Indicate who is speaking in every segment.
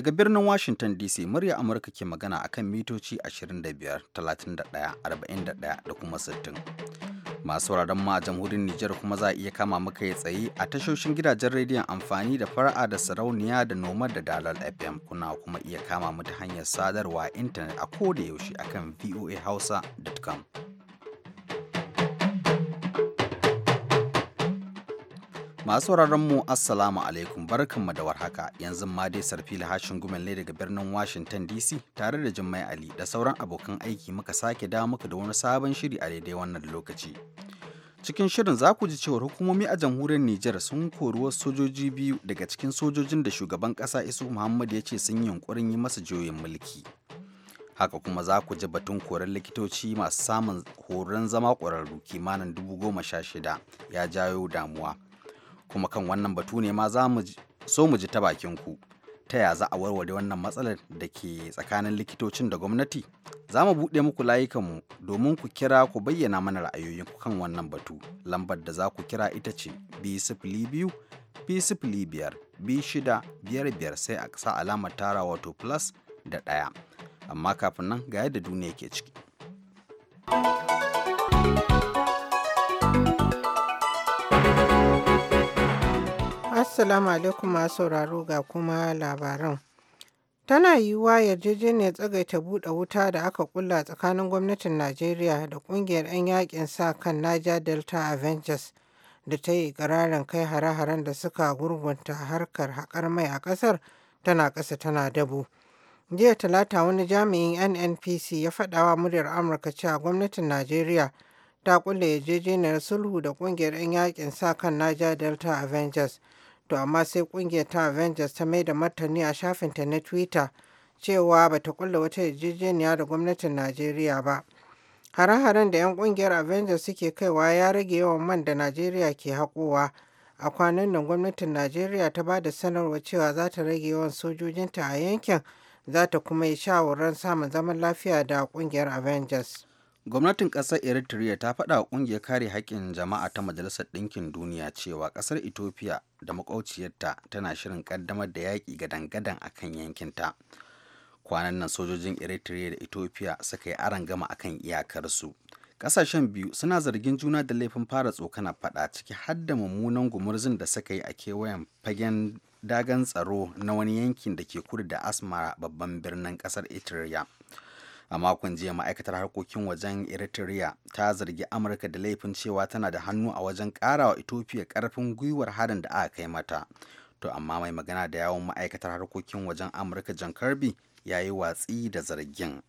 Speaker 1: Daga birnin Washington DC murya Amurka ke magana akan mitoci 25, 31, 41 da kuma 60. Masu wuraren ma a jamhurin Nijar kuma za a iya kama muka ya tsaye a tashoshin gidajen rediyon amfani da fara'a da sarauniya da nomar da dalal FM kuna kuma iya kama mu ta hanyar sadarwa intanet a koda yaushe akan voahausa.com. Masu mu Assalamu alaikum barkanmu da warhaka yanzu ma dai sarfila hashin gumen ne daga birnin Washington DC tare da Jummai Ali da sauran abokan aiki muka sake dawo muku da wani sabon shiri a daidai wannan lokaci. Cikin shirin za ku ji cewar hukumomi a jamhuriyar Nijar sun kori wasu sojoji biyu daga cikin sojojin da shugaban ƙasa Isu Muhammad ya ce sun yi yunkurin yi masa juyin mulki. haka kuma za ku ji batun koren likitoci masu samun horon zama ƙwararru kimanin dubu goma sha shida ya jayo damuwa kuma kan wannan batu ne ma za mu so mu ji ta bakin ku ta ya za a warware wannan matsalar da ke tsakanin likitocin da gwamnati za mu buɗe muku layukanmu domin ku kira ku bayyana mana ra'ayoyinku kan wannan batu lambar da za ku kira ita ce b biyu b biyar b shida biyar biyar sai a sa alamar tara wato plus da ɗaya amma kafin nan ga yadda duniya ke ciki.
Speaker 2: Assalamu alaikum masu sauraro ga kuma labaran. Tana yiwuwa yarjejeniyar tsagaita buɗe wuta da aka kulla tsakanin gwamnatin Najeriya da ƙungiyar 'yan yakin sa kan Niger Delta Avengers da ta yi ƙararin kai hare-haren da suka gurgunta harkar haƙar mai a ƙasar tana ƙasa tana dabo. Jiya Talata wani jami'in NNPC ya faɗawa muryar Amurka cewa gwamnatin Najeriya ta kulle yarjejeniyar sulhu da ƙungiyar 'yan yakin sa kan Niger Delta Avengers to amma sai kungiyar ta avengers ta mai da martani a shafinta na twitter cewa bata kulla wata yarjejeniya da gwamnatin najeriya ba hare-haren da 'yan kungiyar avengers suke kaiwa ya rage yawan man da najeriya ke haƙowa a kwanan nan gwamnatin najeriya ta ba da sanarwa cewa za ta rage yawan sojojinta a yankin za ta kuma yi shawarar samun zaman lafiya da kungiyar avengers
Speaker 1: gwamnatin ƙasar eritrea ta faɗa wa ƙungiyar kare haƙƙin jama'a ta majalisar ɗinkin duniya cewa ƙasar ethiopia da makwauciyarta tana shirin ƙaddamar da yaƙi gadan-gadan a kan yankinta kwanan nan sojojin eritrea da ethiopia suka yi gama a kan iyakarsu ƙasashen biyu suna zargin juna da laifin fara tsokana faɗa ciki har da mummunan gumurzin da suka yi a kewayen fagen dagan tsaro na wani yankin da ke kudu da asmara babban birnin ƙasar eritrea a makon jiya ma'aikatar harkokin wajen eritrea ta zargi amurka da laifin cewa tana da hannu a wajen karawa ethiopia karfin gwiwar harin da aka kai mata to amma mai magana da yawon ma'aikatar harkokin wajen amurka jan karbi ya yi watsi da zargin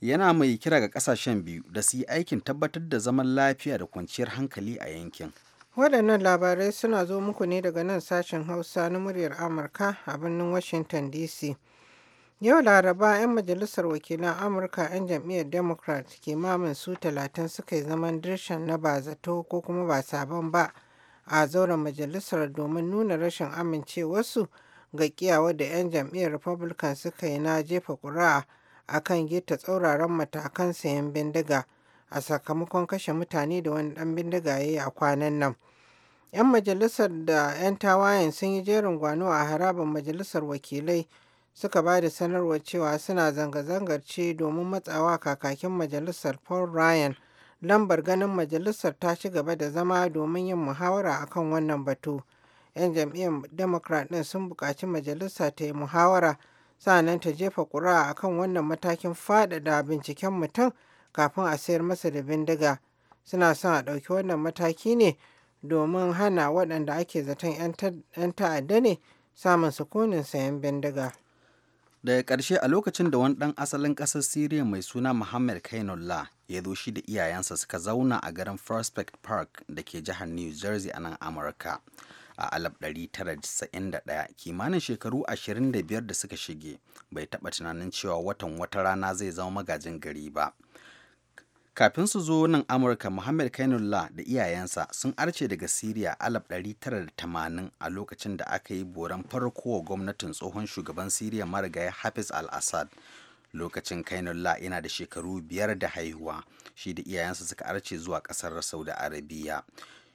Speaker 1: yana mai kira ga kasashen biyu da su yi aikin tabbatar da zaman lafiya da kwanciyar hankali a yankin
Speaker 2: waɗannan labarai suna zo muku ne daga nan sashen hausa na muryar amurka a birnin washington dc Yau Laraba 'yan majalisar wakilan Amurka 'yan jam'iyyar Democrat kimamin su talatin suka yi zaman dirshan na ba zato ko kuma ba sabon ba a zauren majalisar domin nuna rashin amincewarsu ga kiyawa da 'yan jam'iyyar Republican suka yi na jefa ƙuri'a a kan gita tsauraran matakan sayan bindiga a sakamakon kashe mutane da wani ɗan bindiga ya yi a kwanan nan. 'Yan majalisar da 'yan tawayen sun yi jerin gwano a harabar majalisar wakilai suka ba da sanarwar cewa suna zanga-zangar ce domin matsawa kakakin majalisar Paul Ryan lambar ganin majalisar ta ci gaba da zama domin yin muhawara akan wannan batu. 'Yan jam'iyyar Democrat ɗin sun buƙaci majalisa ta yi muhawara sannan ta jefa ƙuri'a akan wannan matakin faɗaɗa binciken mutum kafin a sayar masa da bindiga. Suna son a ɗauki wannan mataki ne domin hana waɗanda ake zaton 'yan ta'adda ne samun sukunin sayan bindiga.
Speaker 1: daga ƙarshe a lokacin da wani ɗan asalin ƙasar syria mai suna muhammad kainulla ya zo shi da iyayensa suka zauna a garin prospect park da ke jihar new jersey a nan amurka a 1991 kimanin shekaru 25 da suka shige bai taɓa tunanin cewa watan wata rana zai zama magajin gari ba kafin su zo nan amurka muhammad kainullah da iyayensa sun arce daga siriya alaf 1980 a lokacin da aka yi boran farko wa gwamnatin tsohon shugaban siriya marigayi hafiz al-assad lokacin kainullah yana da shekaru biyar da haihuwa shi da iyayensa suka arce zuwa kasar saudi arabiya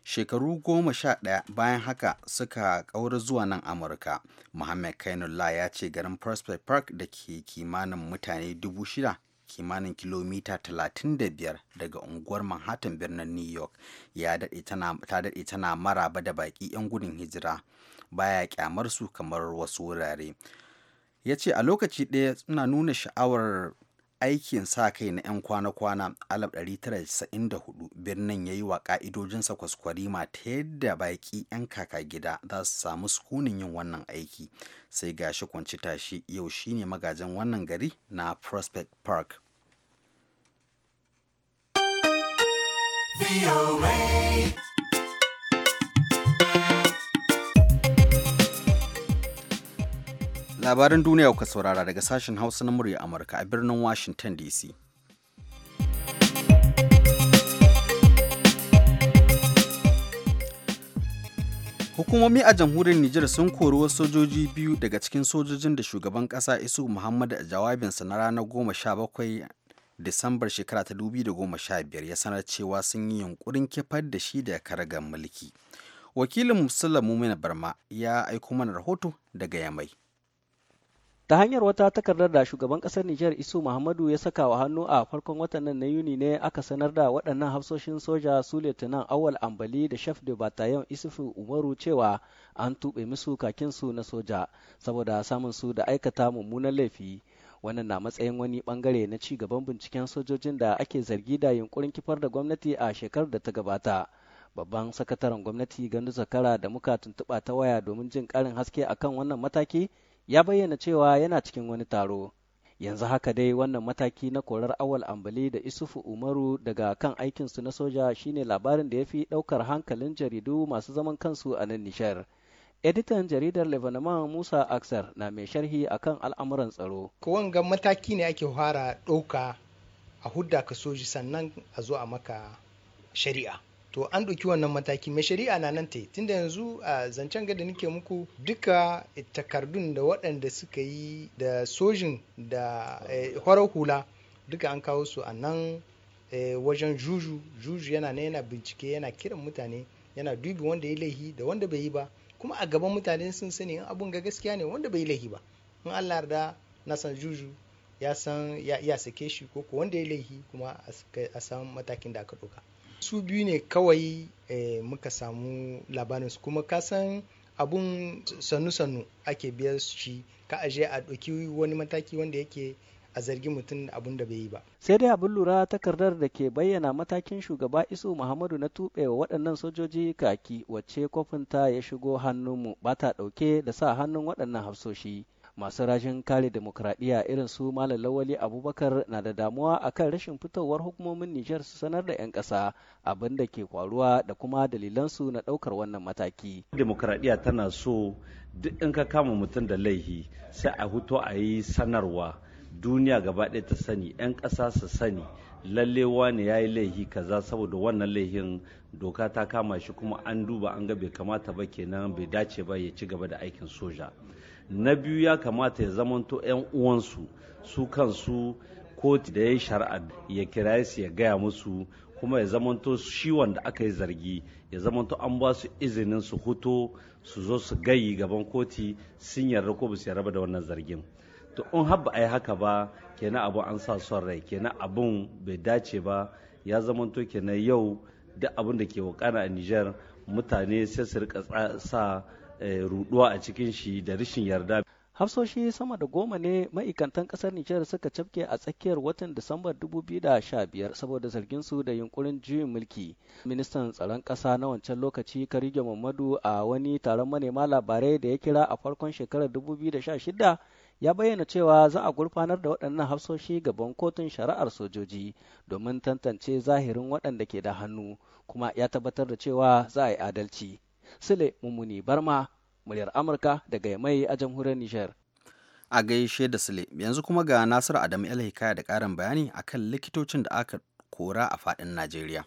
Speaker 1: shekaru goma sha ɗaya bayan haka suka ƙaura zuwa nan amurka muhammad kainullah ya ce garin prospect park da ke kimanin mutane dubu shida kimanin kilomita 35 daga unguwar manhattan birnin new york ya ta daɗe tana maraba da baƙi 'yan gudun hijira baya kyamar su kamar wasu wurare ya ce a lokaci ɗaya suna nuna sha'awar aikin sa kai na 'yan kwana-kwana ɗari da da hudu, birnin ya yi wa ƙa'idojinsa kwaskwarima ta yadda baƙi 'yan kaka gida za su samu sukunin yin wannan aiki sai ga shi kwanci tashi yau shine magajin wannan gari na prospect park labarin duniya kuka saurara daga sashen hausa na murya amurka a birnin washington dc hukumomi a jamhuriyar nijar sun kori wasu sojoji biyu daga cikin sojojin da shugaban kasa isu muhammad a jawabinsa na ranar 17 disambar shekara ta 2015 ya sanar cewa sun yi yunkurin kifar da shi da karagar mulki wakilin musulun mumina barma ya aiko mana rahoto daga yamai ta hanyar wata takardar da
Speaker 3: shugaban kasar Nijar Isu Muhammadu ya saka wa hannu a farkon watan nan na Yuni ne aka sanar da waɗannan hafsoshin soja su Letinan Awal Ambali da Chef de Bataillon Isufu Umaru cewa an tuɓe musu kakinsu na soja saboda samun su da aikata mummunan laifi. Wannan na matsayin wani bangare na ci gaban binciken sojojin da ake zargi da yunkurin kifar da gwamnati a shekarar da ta gabata. babban sakataren gwamnati gandu zakara da muka tuntuɓa ta waya domin jin ƙarin haske akan wannan mataki ya bayyana cewa yana cikin wani taro yanzu haka dai wannan mataki na korar awal ambali da isufu umaru daga kan aikinsu na soja shine labarin da ya fi ɗaukar hankalin jaridu masu zaman kansu a nan nishar editan jaridar lebanon musa aksar na mai sharhi a kan al'amuran tsaro wanga
Speaker 4: mataki ne ake fara ɗauka a hudda ka soji sannan a zo a maka shari'a to an ɗauki wannan mataki mai shari'a na nan ta yi tunda yanzu a zancen gada nake muku duka takardun da waɗanda suka yi da sojin da eh, horar hula duka an kawo su a nan eh, wajen juju juju yana ne yana bincike yana kiran mutane yana dubi wanda ya laihi da wanda bai yi ba kuma a gaban mutane sun sani in abun ga gaskiya ne wanda bai yi laihi ba in allah yarda na san juju ya san ya sake shi ko wanda ya laihi kuma a san matakin da aka ɗauka su biyu ne kawai eh, muka samu su kuma ka san abun
Speaker 3: sannu-sannu
Speaker 4: ake biyar shi ka aje a ɗauki wani mataki wanda yake a zargi mutum abun da bai yi ba.
Speaker 3: Sai dai abin lura takardar da ke bayyana matakin shugaba Isu Muhammadu na tuɓe wa waɗannan sojoji kaki wacce kofinta ya shigo hannunmu ba ta ɗauke da sa hannun waɗannan hafsoshi. masu rajin kare demokradiyya irin su malam lawali abubakar na da damuwa akan rashin fitowar hukumomin nijar su sanar da 'yan ƙasa abin da ke kwaruwa da kuma dalilansu na ɗaukar wannan mataki demokradiyya tana so duk in ka kama mutum da laihi sai a huto a yi sanarwa duniya gaba ɗaya ta sani 'yan ƙasa su sani lalle wani ya yi laihi kaza saboda wannan laihin doka ta kama shi kuma an duba an ga bai kamata ba kenan bai dace ba ya ci gaba da aikin soja na biyu ya kamata ya zamanto 'yan uwansu su kansu kotu da ya yi shari'a ya kira su ya gaya musu kuma ya zamanto shi wanda aka yi zargi ya zamanto an ba su izinin su huto su zo su gayi gaban koti sun yarda ko ba su yarda da wannan zargin to in har ba a yi haka ba kenan abu an sa son rai kenan abun bai dace ba ya zamanto kenan yau da abin da ke wakana a Nijar mutane sai su rika sa Eh, ruduwa a cikin shi da rashin yarda hafsoshi sama da goma ne ma'aikantan ƙasar nijar suka cafke a tsakiyar watan disambar 2015 saboda zargin su da yunkurin juyin mulki ministan tsaron ƙasa na wancan lokaci karige mamadu a wani taron manema labarai da ya kira a farkon shekarar 2016 ya bayyana cewa za a gurfanar da waɗannan hafsoshi gaban kotun shari'ar sojoji domin tantance zahirin waɗanda ke da hannu kuma ya tabbatar da cewa za a yi adalci Sule Mumuni Barma,
Speaker 1: muryar Amurka daga Yamai a jamhuriyar Nijar. A gaishe da Sule, yanzu kuma ga Nasiru Adamu El Hikaya da ƙarin bayani akan likitocin da aka kora a faɗin Najeriya.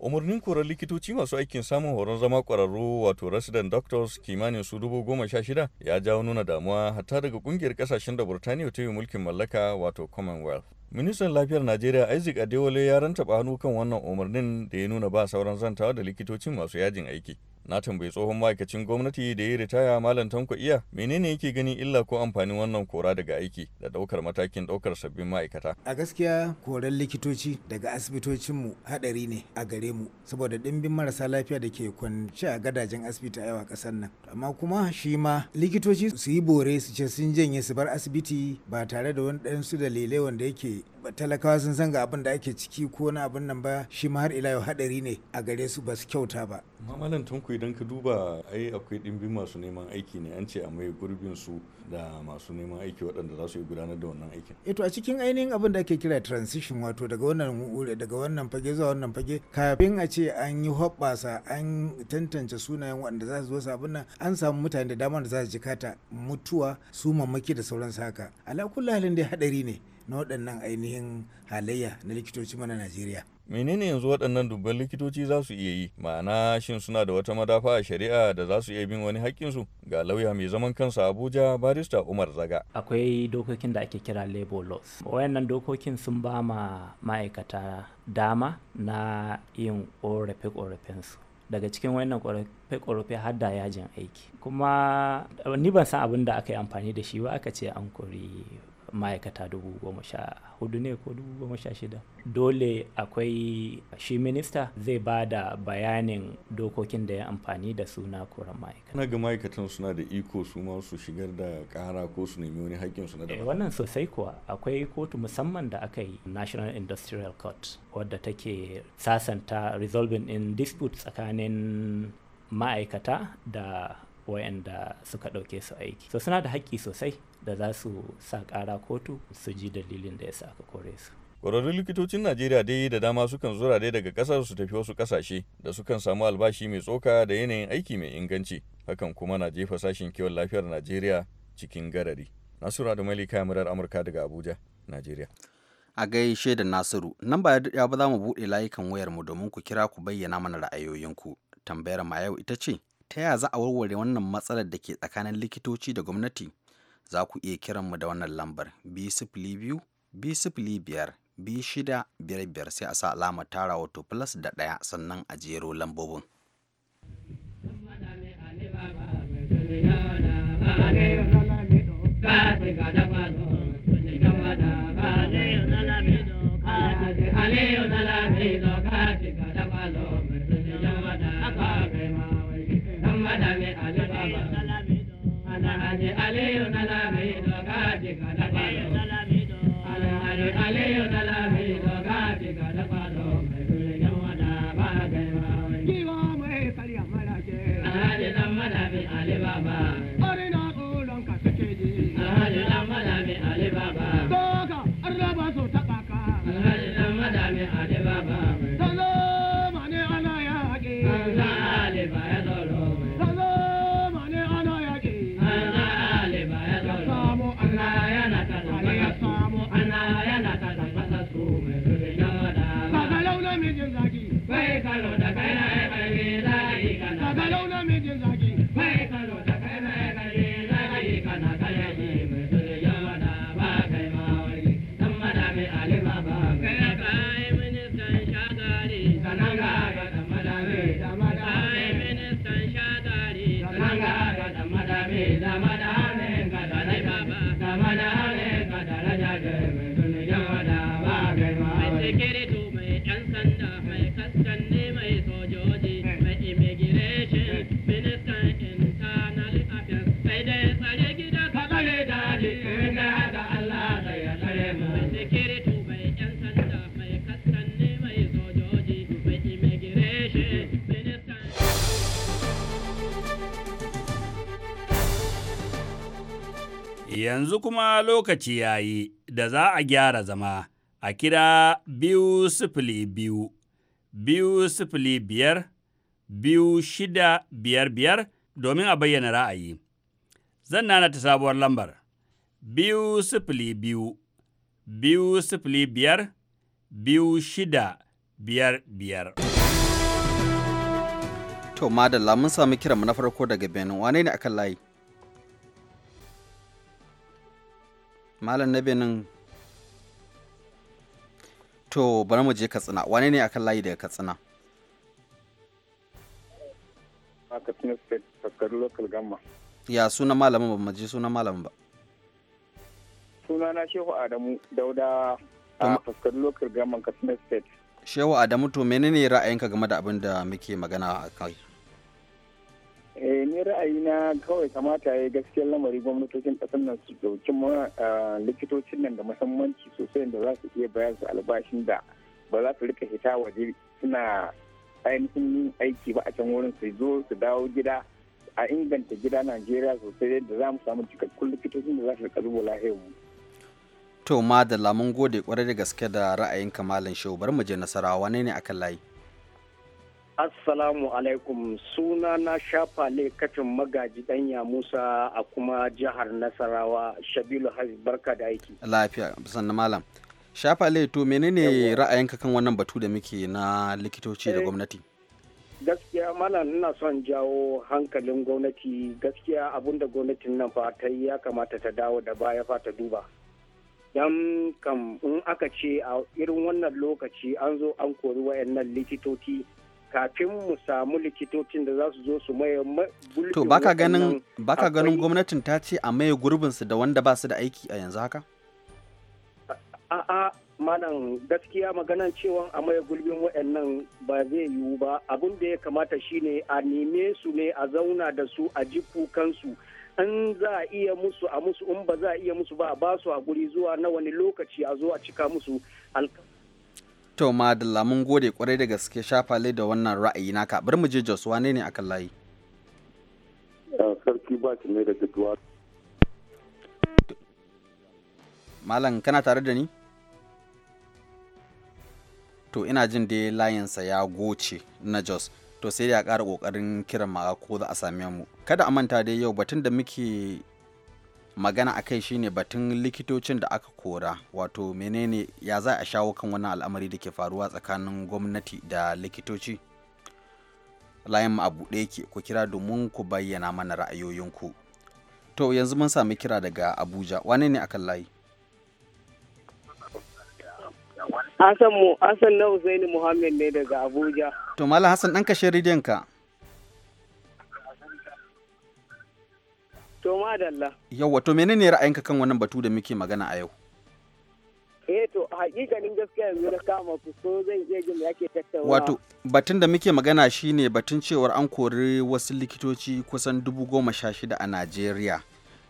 Speaker 5: umarnin korar likitoci masu aikin samun horon zama kwararru wato resident doctors kimanin su dubu goma sha shida ya jawo nuna damuwa hatta daga kungiyar kasashen da burtaniya ta yi mulkin mallaka wato commonwealth ministan lafiyar najeriya isaac adewale ya rantaba hannu kan wannan umarnin da ya nuna ba sauran zantawa da likitocin masu yajin aiki na tambayi tsohon ma'aikacin gwamnati da ya ritaya malam tanko iya menene yake gani illa ko amfanin wannan kora daga aiki da daukar matakin daukar sabbin ma'aikata
Speaker 6: a gaskiya koran likitoci daga asibitocinmu hadari ne a gare mu saboda dimbin marasa lafiya da ke kwance a gadajen asibiti a yawa kasar nan amma kuma shi ma likitoci su yi bore su ce sun janye su bar asibiti ba tare da wani ɗansu dalilai wanda yake talakawa sun san ga abin da ake ciki ko na abin nan ba shi ma har ila yau hadari ne a gare su ba su kyauta ba
Speaker 5: mamalan tunku idan ka duba ai akwai dimbin masu neman aiki ne an ce a mai gurbin su da masu neman aiki waɗanda za su yi gudanar da wannan
Speaker 6: aikin eto eh a cikin ainihin abin da ake kira transition wato daga wannan daga wannan fage zuwa wannan fage kafin a ce an yi hoɓɓasa an tantance sunayen waɗanda za su zo abin nan an samu mutane da dama da za su jikata mutuwa su mamaki da sauran haka ala dai hadari ne na waɗannan ainihin halayya na likitoci mana Najeriya.
Speaker 5: menene yanzu waɗannan dubban likitoci za su iya yi ma'ana shin suna da wata madafa a shari'a da za su iya bin wani haƙƙinsu ga lauya mai zaman kansa abuja barista umar zaga akwai dokokin da ake kira labor laws wayannan dokokin sun ba ma ma'aikata dama na
Speaker 7: yin ƙorafe-ƙorafensu daga cikin wannan ƙorafe-ƙorafe har da yajin aiki kuma ni ban san abin da aka yi amfani da shi ba aka ce an kori ma'aikata dubu goma sha
Speaker 3: hudu ne ko dubu goma sha shida
Speaker 7: dole akwai shi minista zai ba da bayanin dokokin da ya amfani da suna koran ma'aikata
Speaker 5: na ga ma'aikatan suna da iko su ma su shigar da kara ko su nemi wani haƙƙin su na da eh, wannan sosai kuwa
Speaker 7: akwai kotu musamman da aka yi national industrial court wadda take sasanta resolving in dispute tsakanin ma'aikata da wayanda suka ɗauke su aiki so suna da haƙƙi sosai da za su sa kara kotu
Speaker 5: su ji dalilin da ya sa aka kore su. kwararrun likitocin najeriya dai da dama sukan zura dai daga kasar su tafi wasu kasashe da sukan samu albashi mai tsoka da yanayin aiki mai inganci hakan kuma na jefa sashen kiwon lafiyar najeriya cikin garari nasiru da malika murar amurka daga abuja najeriya a gaishe da nasiru nan ba ya ba za mu buɗe layukan wayar mu
Speaker 1: domin ku kira ku bayyana mana ra'ayoyinku tambayar ma yau ita ce ta yaya za a warware wannan matsalar da ke tsakanin likitoci da gwamnati za ku iya mu da wannan lambar biyu biyar shida biyar biyar sai a sa alamar tara wato plus da ɗaya sannan a jero lambobin.
Speaker 8: kaje aleyo na la bedo kaje kada bedo ale ale aleyo na la bedo
Speaker 5: yanzu kuma lokaci ya yi da za a gyara zama a kira biyu sifili biyu, biyu sifili biyar, biyu shida biyar biyar domin a bayyana ra'ayi. Zan nana ta sabuwar lambar, biyu sifili biyu, biyu sifili biyar, biyu shida biyar biyar.
Speaker 1: To, madalla mun sami kiranmu na farko daga Benin, wane ne akan layi? Malam na Benin to bari mu je Katsina wane ne akan layi daga Katsina? Ya sunan malamin ba mu je sunan malamin ba.
Speaker 4: Sunana Shehu Adamu Dauda a fuskar Local Gamma Katsina State.
Speaker 1: Shehu Adamu to menene ra'ayinka game da abin da muke magana a kai?
Speaker 4: eh ni na kawai kamata ya gaskiyar lamari gwamnatocin kasar nan su dauki likitocin nan da musammanci sosai da za su iya bayar su albashin da ba za su rika hita waje suna ainihin yin aiki ba a can wurin su zo su dawo gida a inganta gida najeriya sosai yadda za mu samu cikakkun likitocin da za su rika zuwa lahiyar mu.
Speaker 1: to ma da lamun gode kwarai da gaske da ra'ayin kamalin shehu bari mu je nasarawa ne ne akan layi.
Speaker 4: Assalamu alaikum suna na shafa laikacin magaji danya Musa a kuma jihar Nasarawa Shabilu Haji barka da aiki.
Speaker 1: Lafiya sannan malam. Shafa to menene ra'ayinka kan wannan batu da muke na likitoci da eh, gwamnati?
Speaker 4: Gaskiya malam ina son jawo hankalin gwamnati gaskiya abinda gwamnatin nan fa ta yi ya kamata ta dawo da baya fa ta duba. Dan kam in aka ce a irin wannan lokaci an zo an kori wayannan likitoci kafin mu samu likitocin da za su zo su maye to baka ganin baka ganin
Speaker 1: gwamnatin ta ce a maye gurbin su da wanda ba su da aiki a yanzu haka
Speaker 4: a'a malam gaskiya maganan cewa a maye gurbin waɗannan ba zai yiwu ba abin da ya kamata shine a neme su ne a zauna da su a ji kukansu in za a iya musu a musu in ba za a iya musu ba a basu a guri zuwa na wani lokaci a zo a cika musu
Speaker 1: ma da lamun gode kwarai da gaske shafale da wannan ra'ayi naka. Bari mu je Jos wane ne akan layi? Malam kana tare da ni? To ina jin dai layinsa ya goce na Jos. To sai da ya kara kokarin kiran ma ko za a same mu. Kada a manta dai yau batun da muke magana a kai shine batun likitocin da aka kora wato menene ya za a shawo kan wani al'amari da ke faruwa tsakanin gwamnati da likitoci layan mu a buɗe yake ku kira domin ku bayyana mana ra'ayoyinku to yanzu mun sami kira daga abuja wane ne akan layi
Speaker 4: Hassan mu Hassan na Uzaini Muhammad ne daga Abuja.
Speaker 1: To Malam Hassan ɗan kashe rediyonka.
Speaker 4: To madalla.
Speaker 1: Yau to menene ra'ayinka kan wannan batu da muke magana a yau?
Speaker 4: Eh to hakikanin gaskiya yanzu na kama ku so zan iya jin yake tattaunawa. Wato
Speaker 1: batun da muke magana shine batun cewar an kori wasu likitoci kusan dubu goma sha shida a Najeriya.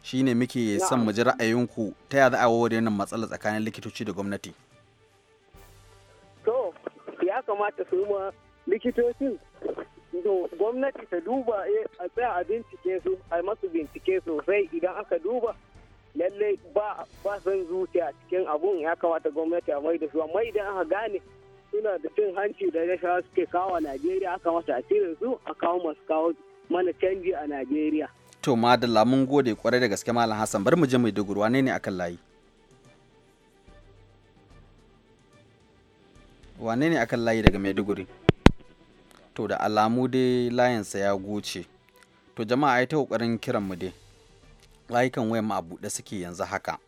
Speaker 1: Shine muke son mu ji ra'ayinku ta yaya za a warware wannan matsala tsakanin likitoci da gwamnati.
Speaker 4: To ya kamata su ma likitocin to gwamnati ta duba eh, a tsaya a bincike su a masu bincike sosai idan aka duba lallai ba ba san zuciya cikin abun ya kamata gwamnati a mai da su amma idan aka gane suna da cin hanci da rashawa suke kawo a Najeriya aka mata a cire su a kawo masu kawo mana canji a Najeriya.
Speaker 1: To madalla mun gode kwarai da gaske Malam Hassan bar mu je mai dogurwa ne ne akan layi. Wane ne akan layi daga Maiduguri? to da alamu dai layinsa ya goce to jama'a ai ta kokarin kiran mu dai layukan wayan mu a buɗe suke yanzu haka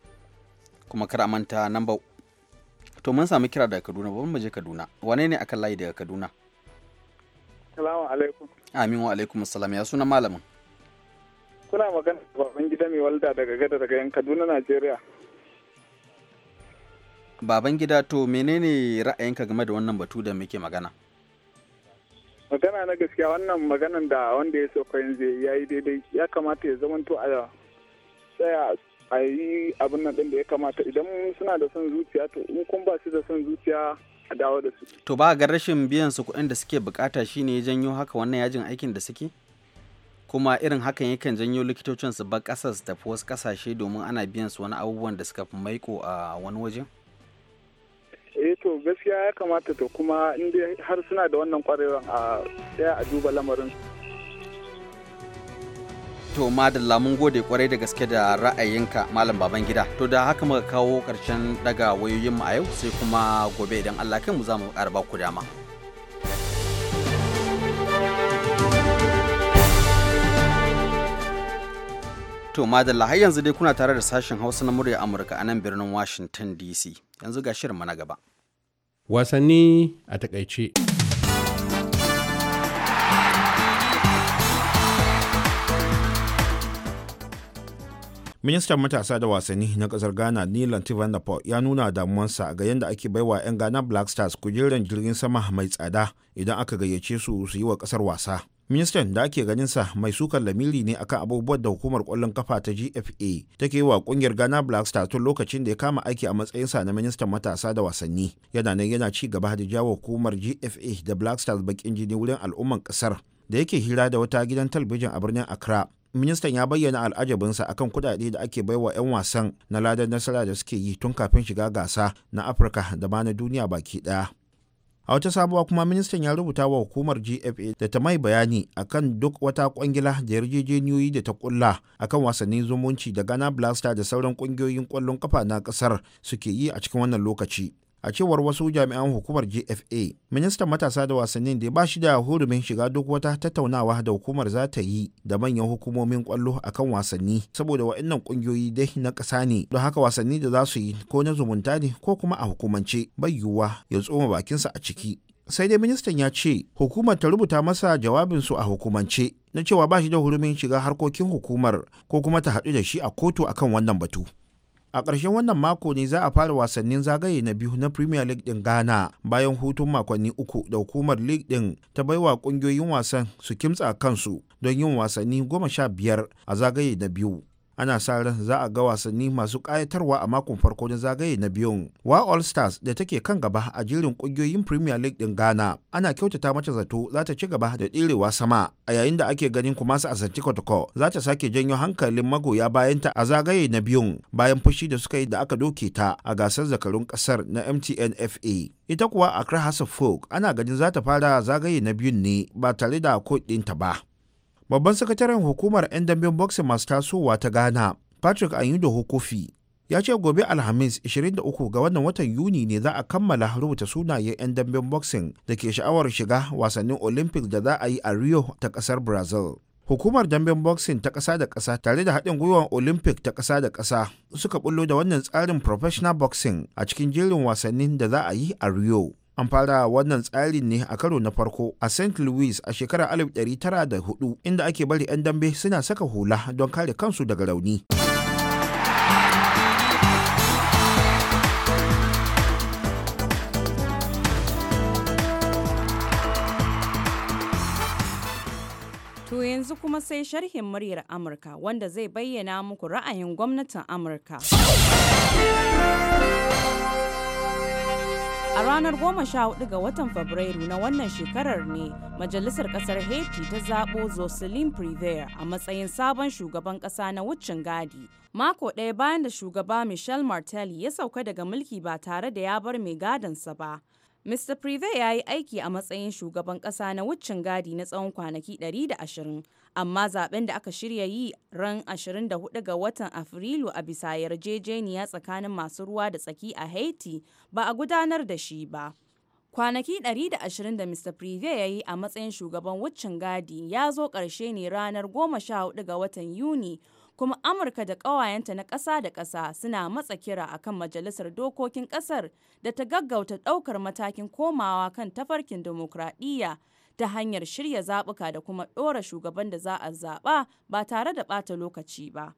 Speaker 1: kuma kar manta namba to mun sami kira daga Kaduna ba mu je Kaduna wane ne akan layi daga Kaduna
Speaker 4: Assalamu alaikum
Speaker 1: Amin wa alaikum assalam ya suna malamin
Speaker 4: kuna magana da baban gida mai walda daga gada daga yan Kaduna Najeriya
Speaker 1: Baban gida to menene ra'ayinka game da wannan batu da muke magana?
Speaker 4: magana na gaskiya wannan maganan da wanda ya sauka yanzu ya yi daidai ya kamata
Speaker 6: ya zamanto a tsaya a yi abin nan din da ya kamata idan suna da son zuciya to in kun ba su da son zuciya a dawo da su
Speaker 1: to ba ga rashin biyan su kuɗin da suke bukata shine ya janyo haka wannan yajin aikin da suke kuma irin hakan yakan janyo likitocin su bar ƙasa su tafi wasu ƙasashe domin ana biyan su wani abubuwan da suka fi maiko a wani wajen
Speaker 4: eh to gaskiya ya kamata to kuma inda har suna da wannan
Speaker 6: kwarewar a tsaya a duba lamarin
Speaker 1: to da lamun gode kwarai da gaske da ra'ayinka malam baban gida to da haka muka kawo karshen daga wayoyinmu a yau sai kuma gobe idan allah kai mu za mu ba ku dama To madalla har yanzu dai kuna tare da sashen Hausa na murya Amurka a nan birnin Washington DC. Yanzu ga shirin na gaba. Wasanni a takaice.
Speaker 6: ministan matasa da wasanni na kasar ghana nilan Tivanapo, ya nuna damuwansa ga yadda ake baiwa 'yan ghana black stars kujerar jirgin sama mai tsada idan aka gayyace su su yi wa kasar wasa ministan da ake ganin sa mai sukan lamiri ne akan abubuwan da hukumar kwallon kafa ta gfa take wa kungiyar ghana black star tun lokacin da ya kama aiki a matsayin sa na ministan matasa da wasanni yana nan yana ci gaba da jawo hukumar gfa da black stars bakin jini wurin al'umman kasar da yake hira da wata gidan talabijin a birnin accra ministan ya bayyana al'ajabin al'ajabinsa akan kudade da ake baiwa 'yan wasan na ladan nasara da suke yi tun kafin shiga gasa na afirka da ma na duniya baki ɗaya. a wata sabuwa kuma ministan ya rubuta wa hukumar gfa da ta mai bayani akan duk wata kwangila da yarjejeniyoyi da ta kulla akan wasannin zumunci da ghana blaster da sauran kungiyoyin kwallon kafa na kasar suke yi a cikin wannan lokaci a cewar wasu jami'an hukumar gfa ministan matasa da wasannin da ba shi da hurumin shiga duk wata tattaunawa da hukumar za ta yi da manyan hukumomin kwallo kan wasanni saboda wa'annan kungiyoyi dai na ƙasa ne don haka wasanni da za su yi ko na zumunta ne ko kuma a hukumance bai yiwuwa ya tsoma bakinsa a ciki sai dai ministan ya ce hukumar ta rubuta masa jawabinsu a hukumance na cewa ba shi da hurumin shiga harkokin hukumar ko kuma ta haɗu da shi a kotu akan wannan batu a ƙarshen wannan mako ne za a fara wasannin zagaye na biyu na premier league din ghana bayan hutun makonni uku da hukumar league din ta baiwa ƙungiyoyin wasan su kimtsa kansu don yin wasanni goma sha biyar a zagaye na biyu ana sa ran za a ga wasanni masu ƙayatarwa a makon farko na zagaye na biyun wa all stars da take kan gaba a jirin ƙungiyoyin premier league din ghana ana kyautata mata zato za ta ci gaba da ɗirewa sama a yayin da ake ganin kuma su asanci kotoko za ta sake janyo hankalin magoya bayanta a zagaye na biyun bayan fushi da suka yi da aka doke ta a gasar zakarun ƙasar na mtnfa ita kuwa a house of folk ana ganin za ta fara zagaye na biyun ne ba tare da ko ɗinta ba babban sakataren hukumar 'yan damben boxing masu tasowa ta ghana patrick anyudo hukufi ya ce gobe alhamis 23 ga wannan watan yuni ne za a kammala rubuta sunayen 'yan damben boxing da ke sha'awar shiga wasannin olympics da za a yi a rio ta kasar brazil hukumar damben boxing ta ƙasa da ƙasa tare da haɗin gwiwar olympic ta ƙasa da ƙasa suka bullo da wannan tsarin professional boxing a cikin jerin wasannin da za a yi a rio An fara wannan tsarin ne a karo na farko a St. Louis a shekarar 1904 inda ake bari 'yan dambe suna saka hula don kare kansu daga rauni.
Speaker 9: To yanzu kuma sai sharhin muryar Amurka wanda zai bayyana muku ra'ayin gwamnatin Amurka. A ranar 14 ga watan Fabrairu na wannan shekarar ne Majalisar Kasar Haiti ta zaɓo Jocelyn Prevere a matsayin sabon shugaban ƙasa na wucin gadi. Mako ɗaya bayan da shugaba Michel Martel ya sauka daga mulki ba tare da ya bar mai gadansa ba. Mr. Prevere ya yi aiki a matsayin shugaban ƙasa na wucin gadi na tsawon kwanaki 120 amma zaben da aka shirya yi ran 24 ga watan afrilu a bisa yarjejeniya tsakanin masu ruwa da tsaki a haiti ba a gudanar da shi ba kwanaki 120 da mr prive ya yi a matsayin shugaban wuccin gadi ya zo ƙarshe ne ranar 14 ga watan yuni kuma amurka da ƙawayenta na kasa da kasa suna matsa kira akan majalisar dokokin ƙasar da ta gaggauta ɗaukar matakin komawa kan tafarkin demokradiyya ta hanyar shirya zaɓuka da kuma ɗora shugaban da za a zaɓa ba tare da ɓata lokaci ba.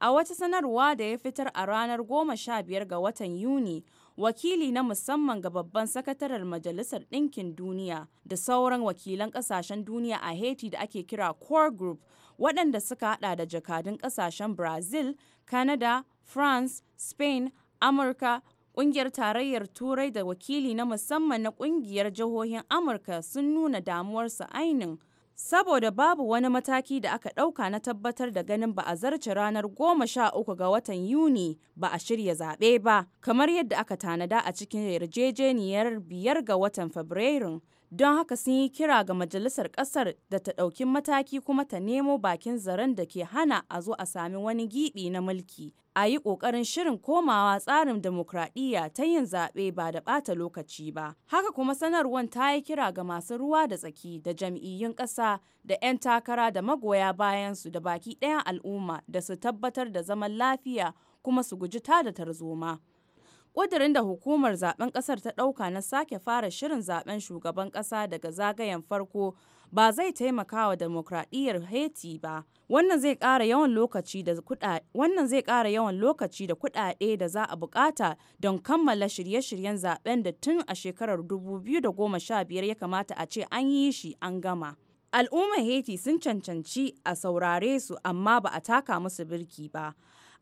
Speaker 9: A wata sanarwa da ya fitar a ranar 15 ga watan Yuni, wakili na musamman ga babban sakataren Majalisar Ɗinkin Duniya da sauran wakilan ƙasashen duniya a Haiti da ake kira Core Group, waɗanda suka haɗa da jakadun ƙasashen Brazil, Canada, France, Spain, Amurka, Ƙungiyar Tarayyar Turai da wakili na musamman na ƙungiyar jihohin Amurka sun nuna damuwar su ainin saboda babu wani mataki da aka ɗauka na tabbatar da ganin ba a zarce ranar 13 ga watan Yuni ba a shirya zaɓe ba, kamar yadda aka tanada a cikin yarjejeniyar biyar ga watan Fabrairun. don haka sun yi kira ga majalisar kasar da ta ɗauki mataki kuma ta nemo bakin zaren da ke hana a zo a sami wani giɓi na mulki a yi ƙoƙarin shirin komawa tsarin demokradiyya ta yin zaɓe ba da ɓata lokaci ba haka kuma sanarwar ta yi kira ga masu ruwa da tsaki da jam'iyyun ƙasa da 'yan takara da magoya bayansu da baki ɗayan al'umma da su tabbatar da zaman lafiya kuma su guji tada tarzoma. ƙudurin da hukumar zaben ƙasar ta ɗauka na sake fara shirin zaben shugaban ƙasa daga zagayen farko ba zai taimaka wa demokradiyyar haiti ba wannan zai ƙara yawan lokaci da kuɗaɗe da za a buƙata don kammala shirye-shiryen zaben da tun a shekarar 2015 ya kamata a ce an yi shi an gama al'ummar haiti sun cancanci a saurare su amma ba a taka musu birki ba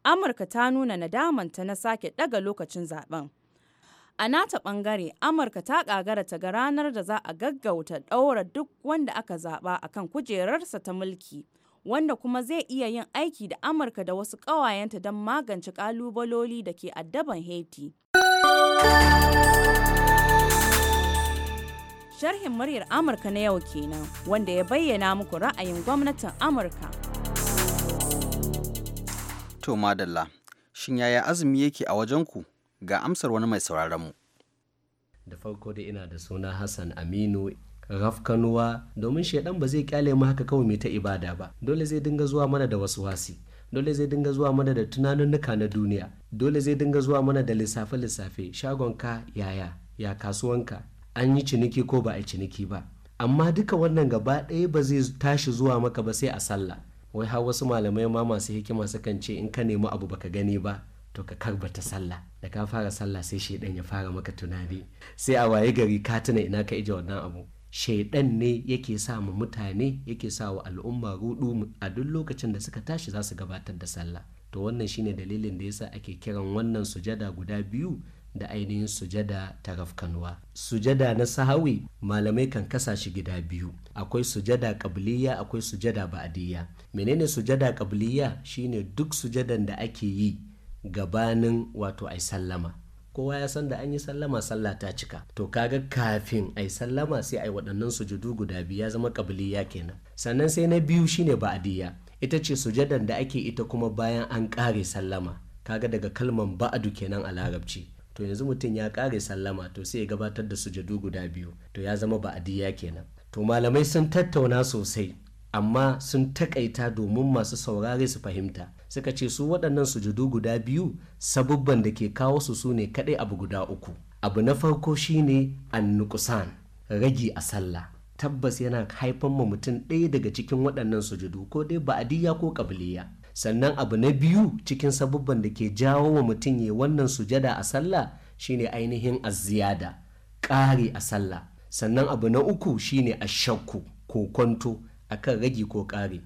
Speaker 9: Amurka ta nuna nadamanta na sake ɗaga lokacin zaben. A nata ɓangare Amurka ta kagara ta ga ranar da za a gaggauta ɗaura duk wanda aka zaba kan kujerarsa ta mulki, wanda kuma zai iya yin aiki da Amurka da wasu ƙawayenta don magance ƙalubaloli da ke addaban Haiti. Sharhin muryar Amurka na yau kenan, wanda ya bayyana muku ra'ayin gwamnatin Amurka.
Speaker 1: To madalla, shin yaya azumi yake a wajenku? Ga amsar wani mai sauraron mu. Da farko da ina da suna Hassan Aminu
Speaker 7: rafkanuwa domin shaidan ba zai kyale mu haka kawai mai ta ibada ba dole zai dinga zuwa mana da wasu wasi dole zai dinga zuwa mana da nuka na duniya dole zai dinga zuwa mana da lissafe lissafe shagonka yaya ya kasuwanka an yi ciniki ko ba a ciniki ba amma duka wannan gaba ɗaya ba zai tashi zuwa maka ba sai a sallah wai har wasu malamai ma masu hikima sukan ce in ka nemi abu baka gani ba to ka karbata sallah da ka fara sallah sai shaidan ya fara maka tunani sai a waye gari ka tuna ina ka ije wannan abu shaidan ne yake sa mu mutane yake sa wa al'umma rudu a duk lokacin da suka tashi za su gabatar da sallah to wannan shine dalilin da yasa ake kiran wannan sujada guda biyu da ainihin sujada ta rafkanuwa sujada na sahawi malamai kan kasa shi gida biyu akwai sujada kabiliya akwai sujada ba'adiyya. menene sujada kabiliya shine duk sujadan da ake yi gabanin wato ai sallama kowa ya san da an yi sallama sallah ta cika to kaga kafin ai sallama sai ai waɗannan sujudu guda biyu ya zama kabiliya kenan sannan sai na biyu shine ba'adiyya ita ce sujadan da ake ita kuma bayan an ƙare sallama kaga daga kalman ba'adu kenan a larabci to yanzu mutum ya ƙare sallama to sai ya gabatar da sujadu guda biyu to ya zama ba'adiyya kenan to malamai sun tattauna sosai amma sun takaita domin masu saurare su fahimta suka ce su waɗannan sujadu guda biyu sabubban da ke kawo su su ne kaɗai abu guda uku abu na farko shine annukusan ragi a sallah tabbas yana haifan ma mutum ɗaya daga cikin waɗannan sujadu, ko dai ba'adiyya ko ƙabiliya sannan abu na biyu cikin sabubban da ke jawo wa mutum ya wannan sujada a sallah shine ainihin azziyada ƙari a sallah sannan abu na uku shine a
Speaker 1: shakku ko kwanto a kan ragi ko ƙari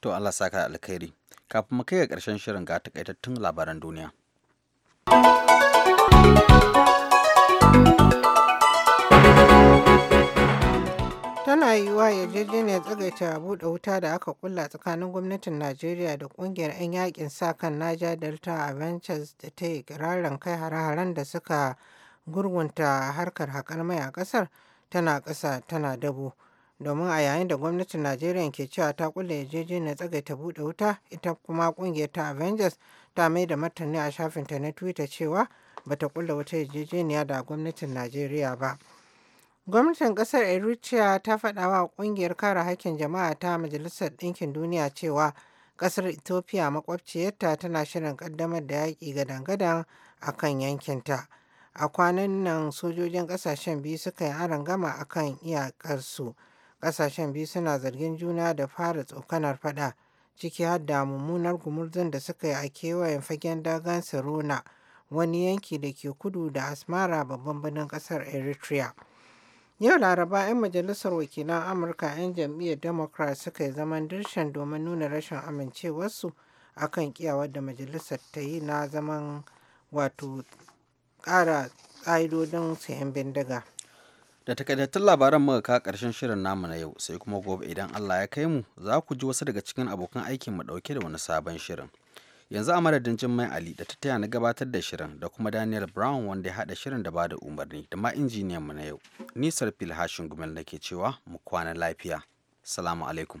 Speaker 1: to Allah saka alkhairi kafin mu kai ga ƙarshen shirin ga takaitattun labaran duniya
Speaker 2: Tana yiwuwa yarjejeniyar tsagaita buɗe wuta da aka kulla tsakanin gwamnatin Najeriya da ƙungiyar 'yan yakin sa kan naja Delta Adventures da ta yi ƙirarin kai hare-haren da suka gurgunta harkar haƙar mai a ƙasar tana ƙasa tana dabo. Domin a yayin da gwamnatin Najeriya ke cewa ta kulle yarjejeniyar tsagaita buɗe wuta ita kuma ƙungiyar ta Avengers ta mai da martani a shafinta na Twitter cewa bata kula wata yarjejeniya da gwamnatin Najeriya ba. Gwamnatin ƙasar Eritrea ta faɗa wa ƙungiyar kare haƙƙin jama'a ta Majalisar Ɗinkin Duniya cewa ƙasar Ethiopia makwabciyarta tana shirin ƙaddamar da yaƙi gadan-gadan a kan yankinta. A kwanan nan sojojin ƙasashen biyu suka yi gama a kan iyakarsu. Ƙasashen biyu suna zargin juna da fara tsokanar faɗa, ciki har da mummunar gumurzun da suka yi a kewayen fagen dagan Sirona, wani yanki da ke kudu da Asmara babban birnin ƙasar Eritrea. Yau Laraba 'yan majalisar wakilan Amurka 'yan jam'iyyar Democrat suka yi zaman dirshan domin nuna rashin amincewarsu a kan kiyawar da majalisar ta yi na zaman wato ƙara ƙa'idodin sayan bindiga.
Speaker 1: Da takaitattun labaran muka ka ƙarshen shirin namu na yau sai kuma gobe idan Allah ya kai mu za ku ji wasu daga cikin abokan aikin mu ɗauke da wani sabon shirin. yanzu a madadin mai ali da ta taya na gabatar da shirin da kuma daniel brown wanda ya haɗa shirin da ba da umarni da ma injiniyanmu na yau nisar filhashin gumel ke cewa mu kwana lafiya salamu alaikum